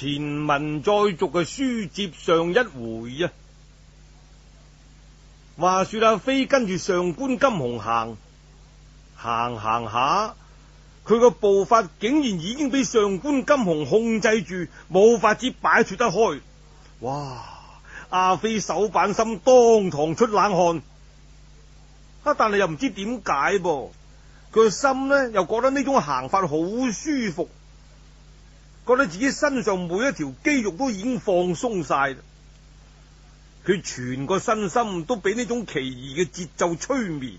前文再續嘅書接上一回啊，話說阿飛跟住上官金虹行，行行下，佢個步伐竟然已經俾上官金虹控制住，冇法子擺脫得開。哇！阿飛手板心當堂出冷汗，啊！但係又唔知點解噃，佢個心呢又覺得呢種行法好舒服。覺得自己身上每一條肌肉都已經放鬆晒，佢全個身心都俾呢種奇異嘅節奏催眠。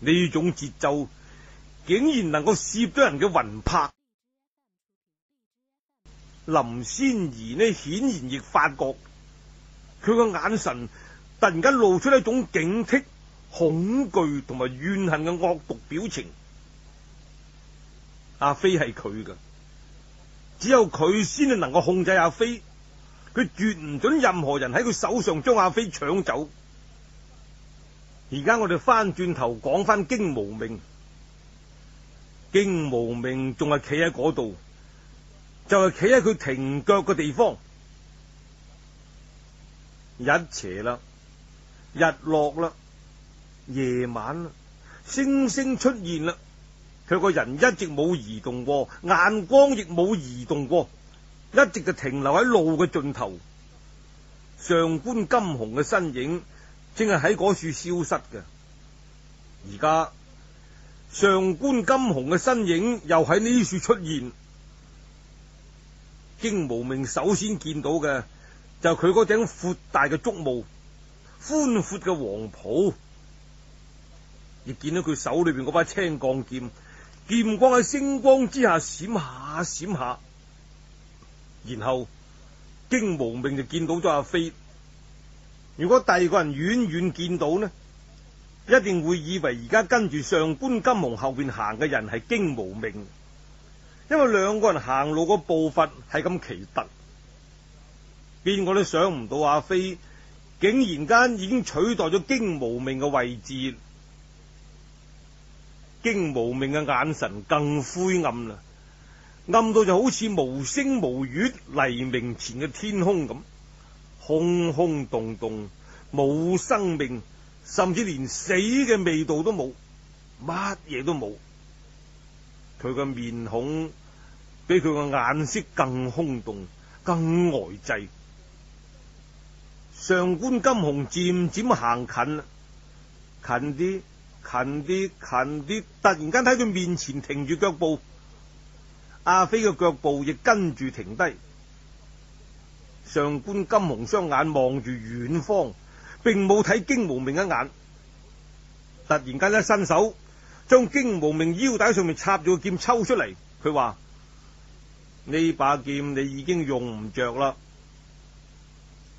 呢種節奏竟然能夠攝咗人嘅魂魄。林仙兒呢，顯然亦發覺佢個眼神突然間露出一種警惕、恐懼同埋怨恨嘅惡毒表情。阿飛係佢噶。只有佢先至能夠控制阿飛，佢絕唔准任何人喺佢手上將阿飛搶走。而家我哋翻轉頭講翻驚無命，驚無命仲係企喺度，就係企喺佢停腳嘅地方。日斜啦，日落啦，夜晚啦，星星出現啦。佢個人一直冇移動過，眼光亦冇移動過，一直就停留喺路嘅盡頭。上官金虹嘅身影正係喺嗰處消失嘅，而家上官金虹嘅身影又喺呢處出現。荊無命首先見到嘅就係佢嗰頂闊大嘅竹帽，寬闊嘅黃袍，亦見到佢手裏邊嗰把青鋼劍。劍光喺星光之下閃下閃下，然後荊無命就見到咗阿飛。如果第二個人遠遠見到呢，一定會以為而家跟住上官金虹後邊行嘅人係荊無命，因為兩個人行路個步伐係咁奇特，邊個都想唔到阿飛竟然間已經取代咗荊無命嘅位置。荊無命嘅眼神更灰暗啦，暗到就好似無聲無語黎明前嘅天空咁，空空洞洞，冇生命，甚至連死嘅味道都冇，乜嘢都冇。佢嘅面孔比佢個眼色更空洞，更呆滯。上官金虹漸漸行近啦，近啲。近啲，近啲！突然間喺佢面前停住腳步，阿飛嘅腳步亦跟住停低。上官金鴻雙眼望住遠方，並冇睇驚無明一眼。突然間一伸手，將驚無明腰帶上面插咗嘅劍抽出嚟，佢話：呢把劍你已經用唔着啦。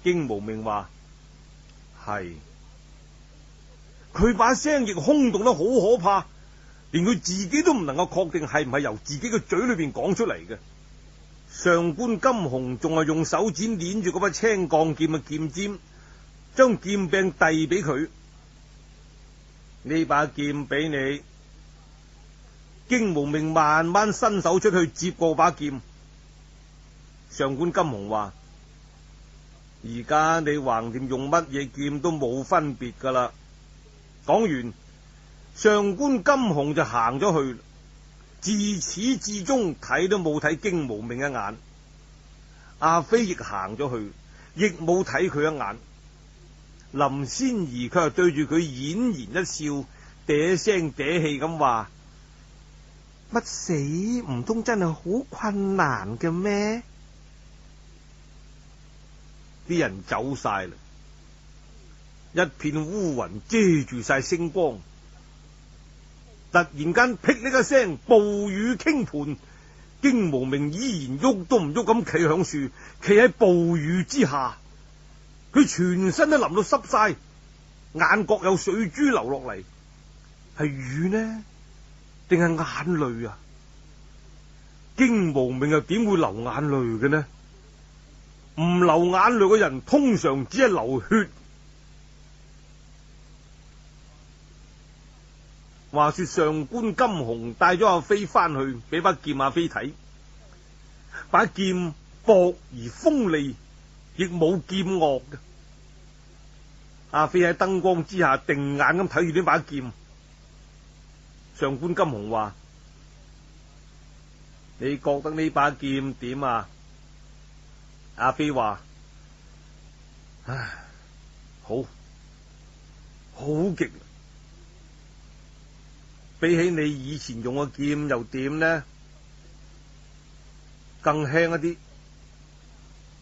驚無明話：係。佢把聲亦空洞得好可怕，連佢自己都唔能夠確定係唔係由自己嘅嘴裏邊講出嚟嘅。上官金虹仲係用手指捻住嗰把青鋼劍嘅劍尖，將劍柄遞俾佢。呢把劍俾你，荊無命慢慢伸手出去接過把劍。上官金虹話：而家你橫掂用乜嘢劍都冇分別噶啦。講完，上官金鴻就行咗去了，自始至終睇都冇睇荊無命一眼。阿飛亦行咗去了，亦冇睇佢一眼。林仙兒卻對住佢嫣然一笑，嗲聲嗲氣咁話：乜死唔通真係好困難嘅咩？啲人走晒啦。一片烏雲遮住晒星光，突然間霹靂一聲，暴雨傾盆。荊無名依然喐都唔喐咁企喺樹，企喺暴雨之下，佢全身都淋到濕晒，眼角有水珠流落嚟，係雨呢？定係眼淚啊？荊無名又點會流眼淚嘅呢？唔流眼淚嘅人，通常只係流血。話說上官金鴻帶咗阿飛翻去，俾把劍阿飛睇，把劍薄而鋒利，亦冇劍惡嘅。阿飛喺燈光之下定眼咁睇住呢把劍。上官金鴻話：你覺得呢把劍點啊？阿飛話：唉，好，好極。比起你以前用嘅劍又點呢？更輕一啲。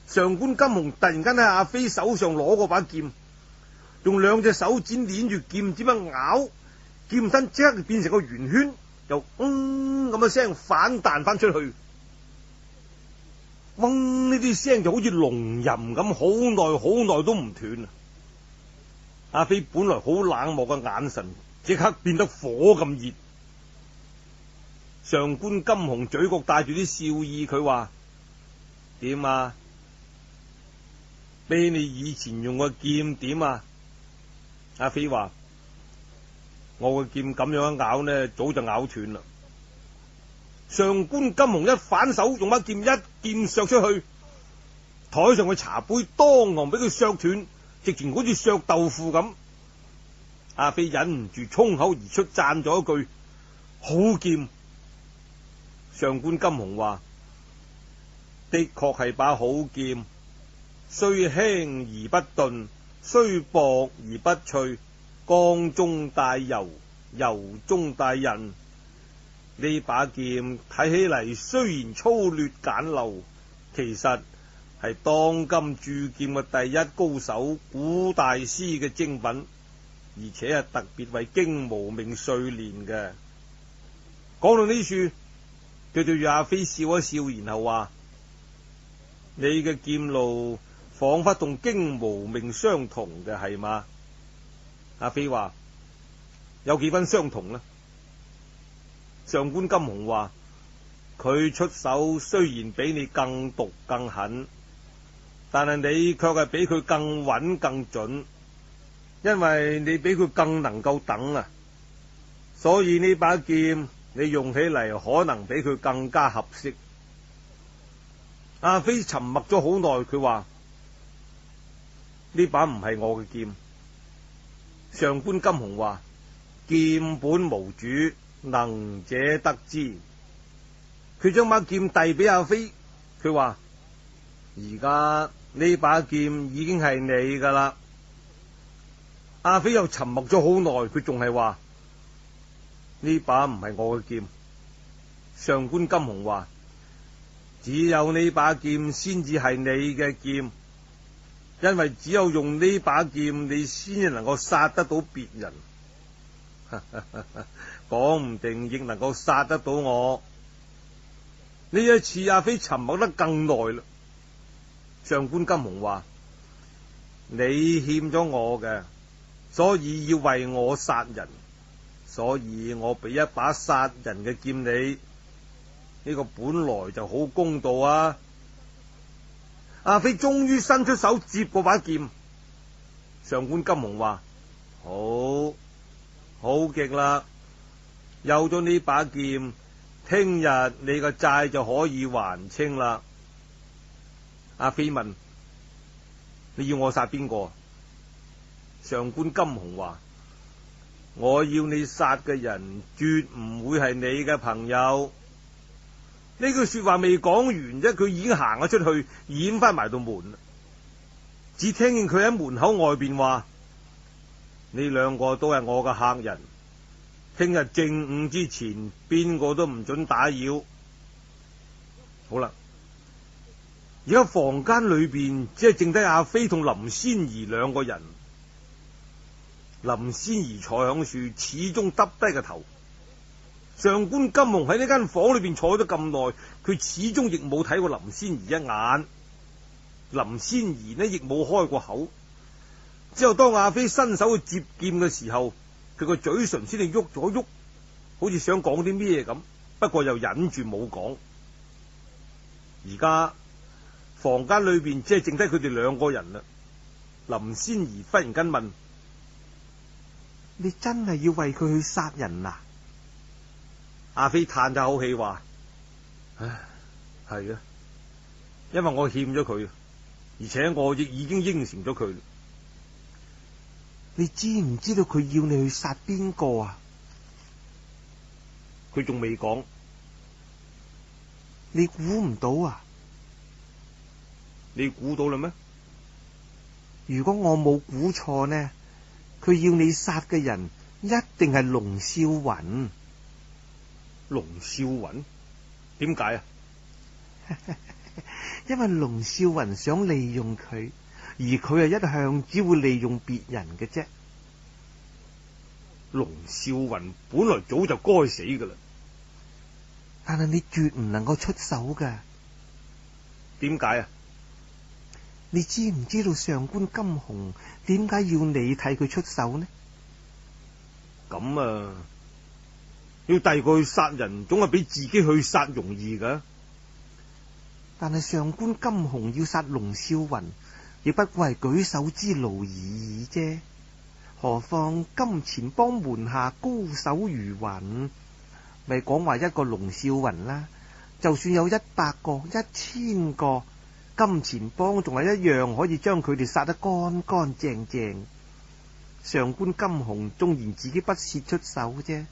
上官金虹突然間喺阿飛手上攞嗰把劍，用兩隻手指捻住劍尖一咬，劍身即刻變成個圓圈，又嗡咁嘅聲反彈翻出去。嗡，呢啲聲就好似龍吟咁，好耐好耐都唔斷。阿飛本來好冷漠嘅眼神。即刻變得火咁熱，上官金虹嘴角帶住啲笑意，佢話：點啊？俾你以前用個劍點啊？阿飛話：我個劍咁樣一咬呢，早就咬斷啦。上官金虹一反手用把劍一劍削出去，台上嘅茶杯當堂俾佢削斷，直情好似削豆腐咁。阿飛忍唔住衝口而出，讚咗一句：好劍！上官金鴻話：的確係把好劍，雖輕而不鈍，雖薄而不脆，剛中帶柔，柔中帶韌。呢把劍睇起嚟雖然粗劣簡陋，其實係當今鑄劍嘅第一高手古大師嘅精品。而且係特別為荊無命碎練嘅。講到呢處，佢對住阿飛笑一笑，然後話：你嘅劍路仿佛同荊無命相同嘅係嘛？」阿飛話：有幾分相同呢？上官金虹話：佢出手雖然比你更毒更狠，但係你卻係比佢更穩更準。因為你比佢更能夠等啊，所以呢把劍你用起嚟，可能比佢更加合適。阿飛沉默咗好耐，佢話：呢把唔係我嘅劍。上官金虹話：劍本無主，能者得之。佢將把劍遞俾阿飛，佢話：而家呢把劍已經係你噶啦。阿飛又沉默咗好耐，佢仲係話：呢把唔係我嘅劍。上官金鴻話：只有呢把劍先至係你嘅劍，因為只有用呢把劍，你先至能夠殺得到別人。講 唔定亦能夠殺得到我。呢一次，阿飛沉默得更耐啦。上官金鴻話：你欠咗我嘅。所以要為我殺人，所以我俾一把殺人嘅劍你，呢、這個本來就好公道啊！阿飛終於伸出手接過把劍，上官金虹話：好，好極啦！有咗呢把劍，聽日你個債就可以還清啦。阿、啊、飛問：你要我殺邊個？上官金鴻話：我要你殺嘅人，絕唔會係你嘅朋友。呢句話說話未講完啫，佢已經行咗出去，掩翻埋道門。只聽見佢喺門口外邊話：呢兩個都係我嘅客人，聽日正午之前，邊個都唔准打擾。好啦，而家房間裏邊只係剩低阿飛同林仙兒兩個人。林仙兒坐響樹，始終耷低個頭。上官金虹喺呢間房裏邊坐咗咁耐，佢始終亦冇睇過林仙兒一眼。林仙兒呢亦冇開過口。之後當阿飛伸手去接劍嘅時候，佢個嘴唇先至喐咗喐，好似想講啲咩咁，不過又忍住冇講。而家房間裏邊淨係剩低佢哋兩個人啦。林仙兒忽然間問。你真係要為佢去殺人啊？阿飛嘆咗口氣話：唉，係啊，因為我欠咗佢，而且我亦已經應承咗佢。你知唔知道佢要你去殺邊個啊？佢仲未講。你估唔到啊？你估到嘞咩？如果我冇估錯呢？佢要你殺嘅人一定係龍少雲。龍少雲，點解啊？ 因為龍少雲想利用佢，而佢係一向只會利用別人嘅啫。龍少雲本來早就該死噶啦，但係你絕唔能夠出手噶。點解啊？你知唔知道上官金虹點解要你替佢出手呢？咁啊，要帶佢去殺人，總係比自己去殺容易噶。但係上官金虹要殺龍少雲，亦不過係舉手之勞而已啫。何況金錢幫門下高手如雲，咪講話一個龍少雲啦，就算有一百個、一千個。金錢幫仲係一樣可以將佢哋殺得乾乾淨淨。上官金虹縱然自己不屑出手啫，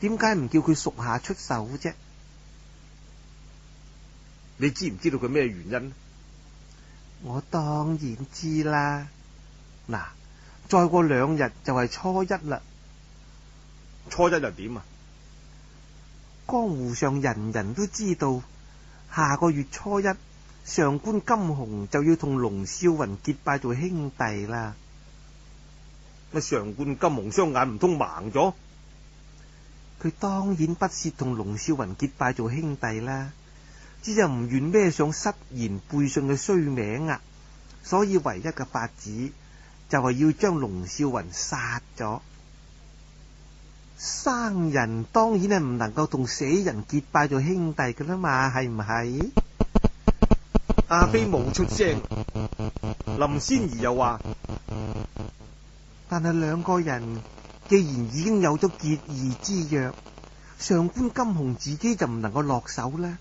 點解唔叫佢屬下出手啫？你知唔知道佢咩原因？我當然知啦。嗱，再過兩日就係初一啦。初一又點啊？江湖上人人都知道，下個月初一。上官金鴻就要同龍少雲結拜做兄弟啦！乜上官金鴻雙眼唔通盲咗？佢當然不屑同龍少雲結拜做兄弟啦，只又唔願孭上失言背信嘅衰名啊！所以唯一嘅法子就係要將龍少雲殺咗。生人當然係唔能夠同死人結拜做兄弟噶啦嘛，係唔係？阿飛冇出聲，林仙兒又話：但係兩個人既然已經有咗結義之約，上官金虹自己就唔能夠落手咧，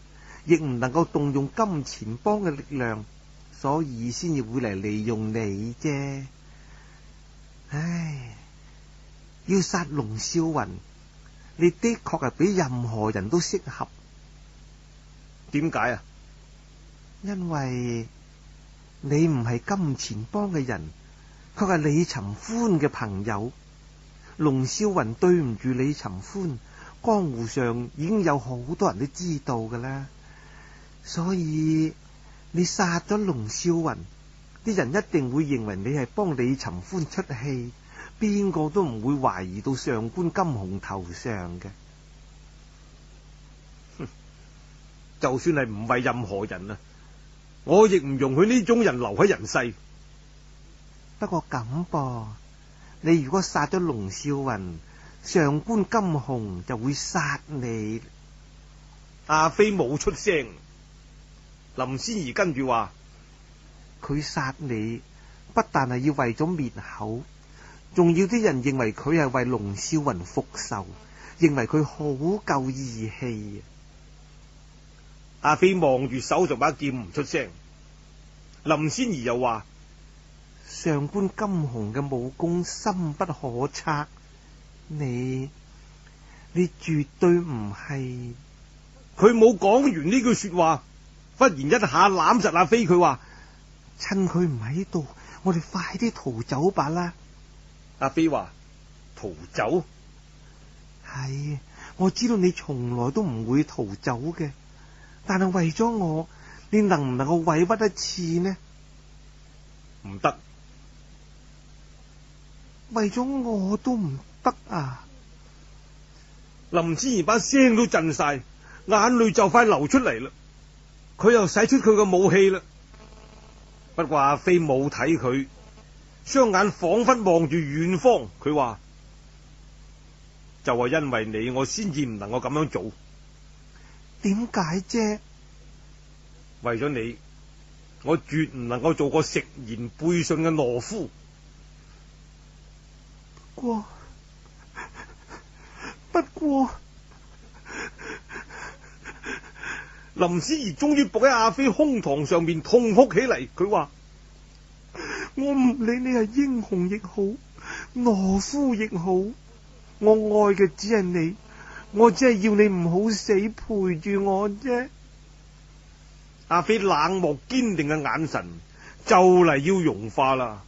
亦唔能夠動用金錢幫嘅力量，所以先至會嚟利用你啫。唉，要殺龍嘯雲，你的確係比任何人都適合。點解啊？因為你唔係金錢幫嘅人，佢係李尋歡嘅朋友。龍少雲對唔住李尋歡，江湖上已經有好多人都知道噶啦，所以你殺咗龍少雲，啲人一定會認為你係幫李尋歡出氣，邊個都唔會懷疑到上官金鴻頭上嘅。哼， 就算係唔為任何人啊！我亦唔容許呢種人留喺人世。不過咁噃，你如果殺咗龍少雲，上官金鴻就會殺你。阿飛冇出聲，林仙兒跟住話：佢殺你，不但係要為咗滅口，仲要啲人認為佢係為龍少雲復仇，認為佢好夠義氣啊！阿飛望住手上把劍唔出聲，林仙兒又話：上官金鴻嘅武功深不可測，你你絕對唔係。佢冇講完呢句說話，忽然一下攬實阿飛，佢話：趁佢唔喺度，我哋快啲逃走吧啦！阿飛話：逃走？係，我知道你從來都唔會逃走嘅。但係為咗我，你能唔能夠委屈一次呢？唔得行，為咗我都唔得啊！林仙兒把聲都震曬，眼淚就快流出嚟啦。佢又使出佢嘅武器啦。不過阿飛冇睇佢，雙眼仿佛望住遠方。佢話，就係、是、因為你，我先至唔能夠咁樣做。點解啫？為咗你，我絕唔能夠做個食言背信嘅懦夫。不過，不過， 林仙兒終於伏喺阿飛胸膛上面痛哭起嚟。佢話：我唔理你係英雄亦好，懦夫亦好，我愛嘅只係你。我真係要你唔好死，陪住我啫。阿飛冷漠堅定嘅眼神就嚟要融化啦，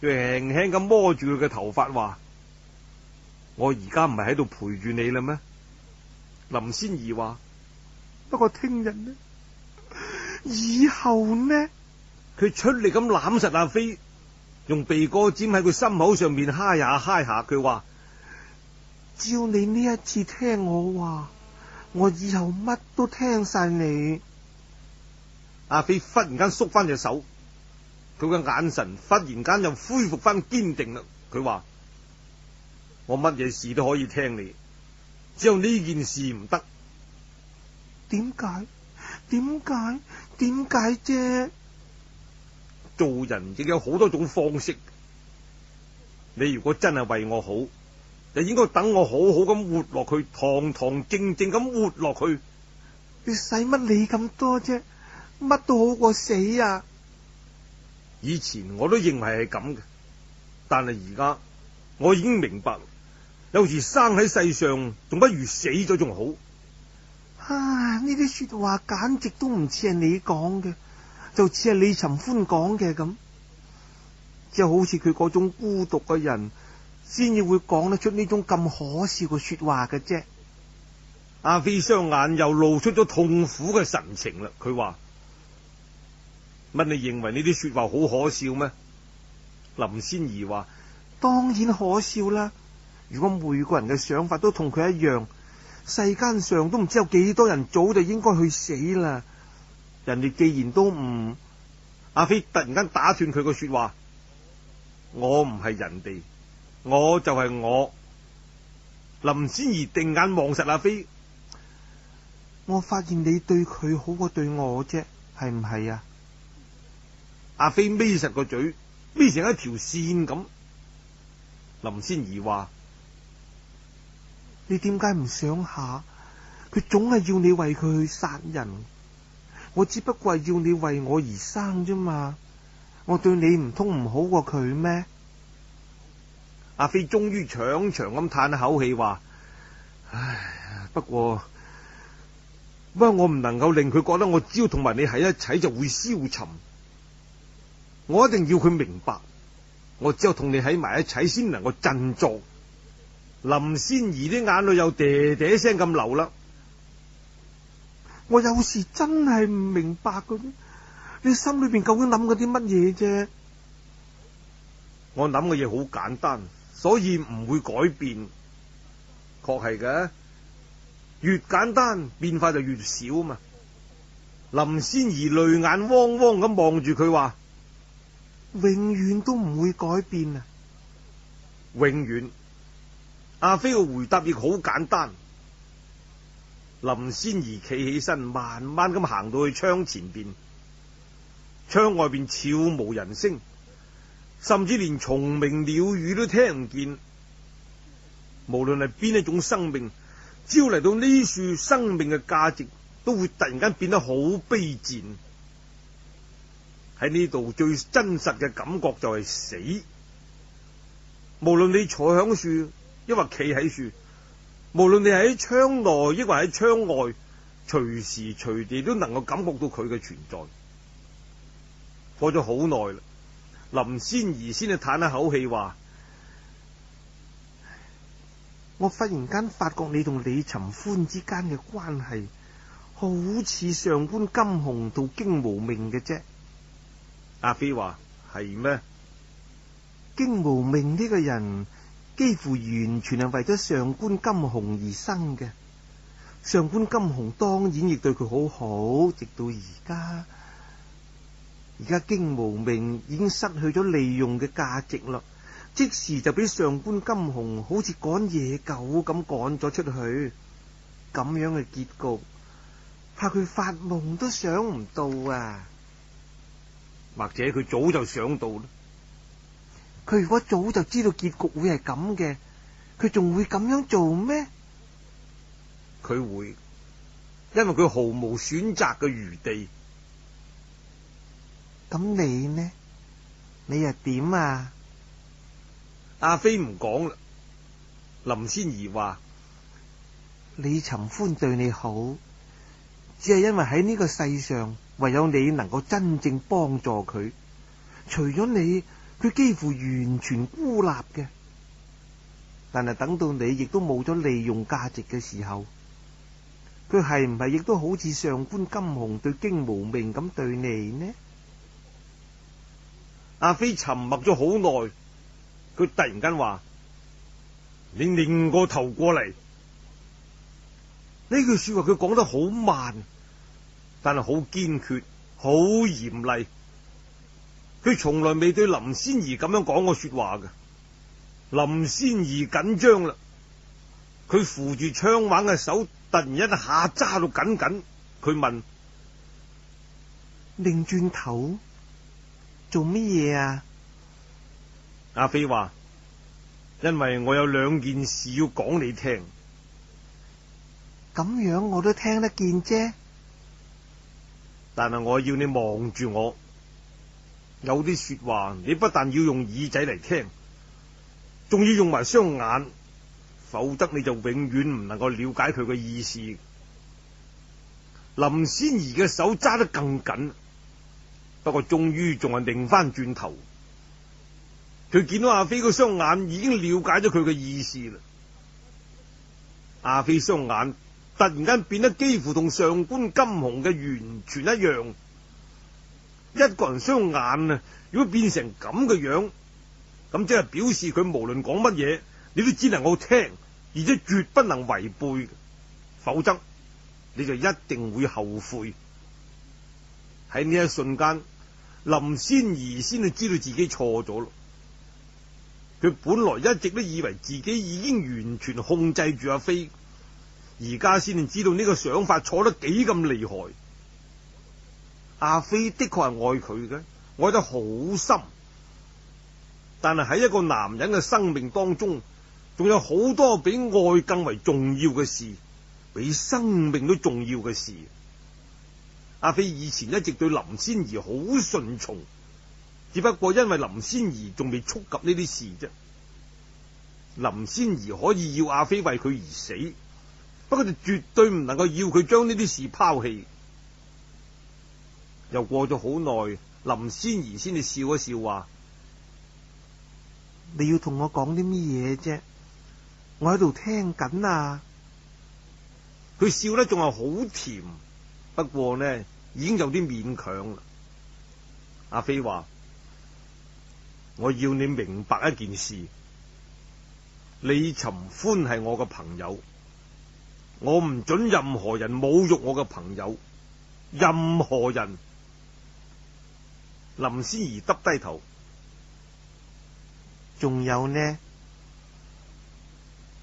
佢輕輕咁摸住佢嘅頭髮話：我而家唔係喺度陪住你啦咩？林仙兒話：不過聽日呢？以後呢？佢出力咁攬實阿飛，用鼻哥尖喺佢心口上面嗨下嗨下，佢話。只要你呢一次聽我話，我以後乜都聽晒你。阿飛忽然間縮翻隻手，佢嘅眼神忽然間又恢復翻堅定啦。佢話：我乜嘢事都可以聽你，只有呢件事唔得。點解？點解？點解啫？做人亦有好多種方式。你如果真係為我好。就應該等我好好咁活落去，堂堂正正咁活落去。你使乜理咁多啫？乜都好過死啊！以前我都認為係咁嘅，但係而家我已經明白，有時生喺世上，仲不如死咗仲好。啊！呢啲說話簡直都唔似係你講嘅，就似係李尋歡講嘅咁，就好似佢嗰種孤獨嘅人，先至會講得出呢種咁可笑嘅說話嘅啫。阿飛雙眼又露出咗痛苦嘅神情啦。佢話，乜你認為呢啲說話好可笑咩？林仙兒話當然可笑啦。如果每個人嘅想法都同佢一樣，世間上都唔知有幾多人早就應該去死啦。人哋既然都唔……阿飛突然間打斷佢個說話，我唔係人哋。我就係我，林仙兒定眼望實阿飛，我發現你對佢好過對我啫，係唔係啊？阿飛眯實個嘴，眯成一條線咁。林仙兒話：你點解唔想下？佢總係要你為佢去殺人，我只不過係要你為我而生啫嘛。我對你唔通唔好過佢咩？阿飛終於長長咁嘆一口氣，話：唉，不過不過我唔能夠令佢覺得我只要同埋你喺一齊就會消沉。我一定要佢明白，我只有同你喺埋一齊先能夠振作。林仙兒啲眼淚又嗲嗲聲咁流啦。我有時真係唔明白佢，你心裏邊究竟諗嗰啲乜嘢啫？我諗嘅嘢好簡單。所以唔會改變，確係嘅。越簡單，變化就越少啊嘛。林仙兒淚眼汪汪咁望住佢話，永遠都唔會改變啊！永遠，阿飛嘅回答亦好簡單。林仙兒企起身，慢慢咁行到去窗前邊，窗外邊悄無人聲。甚至連蟲鳴鳥語都聽唔見，無論係邊一種生命，只要嚟到呢樹，生命嘅價值都會突然間變得好卑賤。喺呢度最真實嘅感覺就係死。無論你坐響樹，抑或企喺樹；無論你喺窗內，抑或喺窗外，隨時隨地都能夠感覺到佢嘅存在。過咗好耐啦。林仙兒先至嘆一口氣話：我忽然間發覺你同李尋歡之間嘅關係，好似上官金虹到荊無命嘅啫。阿飛話：係咩？荊無命呢個人幾乎完全係為咗上官金虹而生嘅。上官金虹當然亦對佢好好，直到而家。而家荊無命已經失去咗利用嘅價值啦，即時就俾上官金虹好似趕野狗咁趕咗出去，咁樣嘅結局，怕佢發夢都想唔到啊！或者佢早就想到啦，佢如果早就知道結局會係咁嘅，佢仲會咁樣做咩？佢會，因為佢毫無選擇嘅餘地。咁你呢？你又點啊？阿飛唔講啦。林仙兒話：李尋歡對你好，只係因為喺呢個世上，唯有你能夠真正幫助佢。除咗你，佢幾乎完全孤立嘅。但係等到你亦都冇咗利用價值嘅時候，佢係唔係亦都好似上官金鴻對荊無命咁對你呢？阿飛沉默咗好耐，佢突然間話：你擰過頭過嚟。呢句話說話佢講得好慢，但係好堅決、好嚴厲。佢從來未對林仙兒咁樣講過說話嘅。林仙兒緊張啦，佢扶住窗網嘅手突然一下揸到緊緊，佢問：擰轉頭。做乜嘢啊？阿飛話：因為我有兩件事要講你聽。咁樣我都聽得見啫。但係我要你望住我，有啲說話你不但要用耳仔嚟聽，仲要用埋雙眼，否則你就永遠唔能夠了解佢嘅意思。林仙兒嘅手揸得更緊。不過終於仲係擰翻轉頭，佢見到阿飛個雙眼已經了解咗佢嘅意思啦。阿飛雙眼突然間變得幾乎同上官金虹嘅完全一樣。一個人雙眼啊，如果變成咁嘅樣，咁即係表示佢無論講乜嘢，你都只能夠聽，而且絕不能違背，否則你就一定會後悔。喺呢一瞬間。林仙兒先至知道自己錯咗咯，佢本來一直都以為自己已經完全控制住阿飛，而家先至知道呢個想法錯得幾咁厲害。阿飛的確係愛佢嘅，愛得好深，但係喺一個男人嘅生命當中，仲有好多比愛更為重要嘅事，比生命都重要嘅事。阿飛以前一直對林仙兒好順從，只不過因為林仙兒仲未觸及呢啲事啫。林仙兒可以要阿飛為佢而死，不過就絕對唔能夠要佢將呢啲事拋棄。又過咗好耐，林仙兒先至笑一笑話：你要同我講啲乜嘢啫？我喺度聽緊啊！佢笑得仲係好甜，不過呢，已經有啲勉強啦。阿飛話：我要你明白一件事，李尋歡係我嘅朋友，我唔准任何人侮辱我嘅朋友。任何人。林仙兒耷低頭。仲有呢？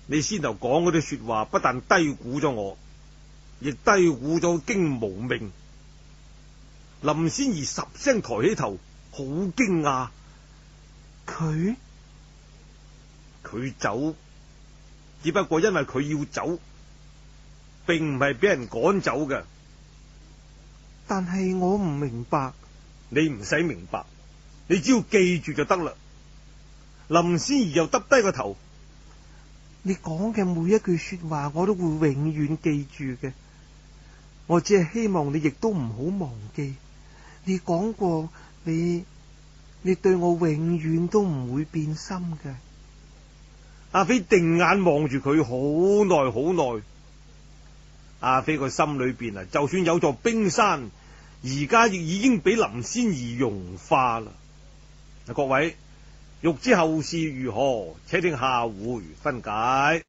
你先頭講嗰啲說話，不但低估咗我，亦低估咗荊無命。林仙兒十聲抬起頭，好驚訝。佢佢她走，只不過因為佢要走，並唔係俾人趕走嘅。但係我唔明白。你唔使明白，你只要記住就得啦。林仙兒又耷低個頭。你講嘅每一句說話，我都會永遠記住嘅。我只係希望你亦都唔好忘記。你講過你，你對我永遠都唔會變心嘅。阿飛定眼望住佢好耐好耐。阿飛個心裏邊啊，就算有座冰山，而家亦已經俾林仙兒融化啦。嗱，各位欲知後事如何，且聽下回分解。